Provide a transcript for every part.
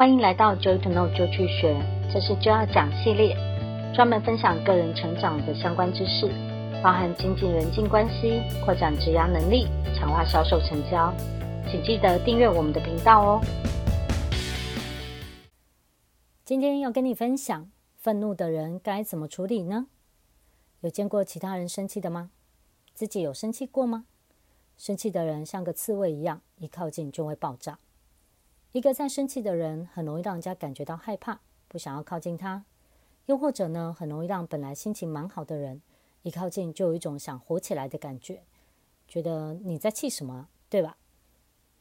歡迎來到 Joy To Know 就去學，這是 Joy 講系列，專門分享個人成長的相關知識，包含增進人際關係、擴展職業能力、強化銷售成交。請記得訂閱我們的頻道哦。今天要跟你分享，憤怒的人該怎麼處理呢？有見過其他人生氣的嗎？自己有生氣過嗎？生氣的人像個刺蝟一樣，一靠近就會爆炸。一個在生氣的人，很容易讓人家感覺到害怕，不想要靠近他；又或者呢，很容易讓本來心情蠻好的人，一靠近就有一種想火起來的感覺，覺得你在氣什麼，對吧？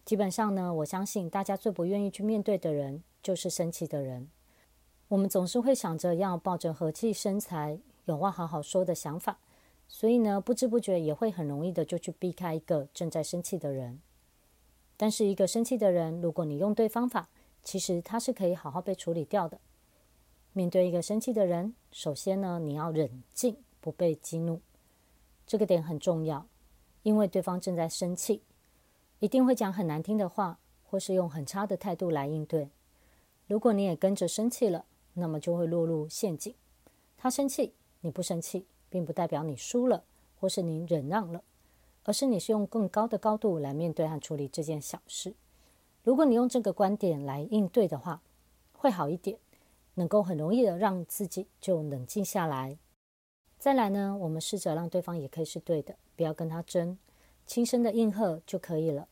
基本上呢，我相信大家最不願意去面對的人，就是生氣的人。我們總是會想着要抱着和氣生財、有話好好說的想法，所以呢，不知不覺也會很容易的就去避開一個正在生氣的人。但是一個生氣的人，如果你用對方法，其實他是可以好好被處理掉的。面對一個生氣的人，首先呢，你要冷靜，不被激怒，這個點很重要，因為對方正在生氣，一定會講很難聽的話，或是用很差的態度來應對。如果你也跟着生氣了，那麼就會落入陷阱。他生氣，你不生氣，並不代表你輸了，或是你忍讓了。而是你是用更高的高度來面對和處理這件小事。如果你用這個觀點來應對的話，會好一點，能夠很容易的讓自己就冷靜下來。再來呢，我們試着讓對方也可以是對的，不要跟他爭，輕聲的應和就可以了。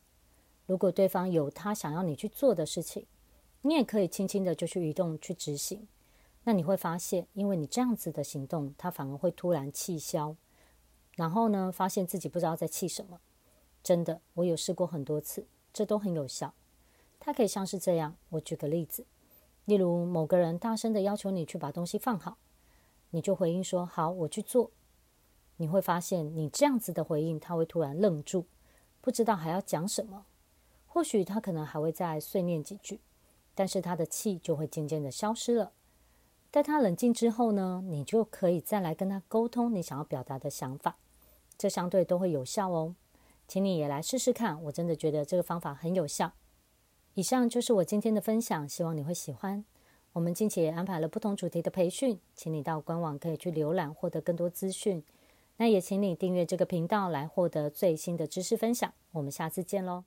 如果對方有他想要你去做的事情，你也可以輕輕的就去移動去執行。那你會發現，因為你這樣子的行動，他反而會突然氣消。然後呢，發現自己不知道在氣什麼。真的，我有試過很多次，這都很有效。它可以像是這樣，我舉個例子，例如某個人大聲的要求你去把東西放好，你就回應說“好，我去做”。你會發現，你這樣子的回應，他會突然愣住，不知道還要講什麼。或許他可能還會再碎念幾句，但是他的氣就會漸漸的消失了。待他冷靜之後呢，你就可以再來跟他溝通你想要表達的想法。這相對都會有效哦，請你也來試試看，我真的覺得這個方法很有效。以上就是我今天的分享，希望你會喜歡。我們近期也安排了不同主題的培訓，請你到官網可以去瀏覽，獲得更多資訊。那也請你訂閱這個頻道來獲得最新的知識分享。我們下次見嘍。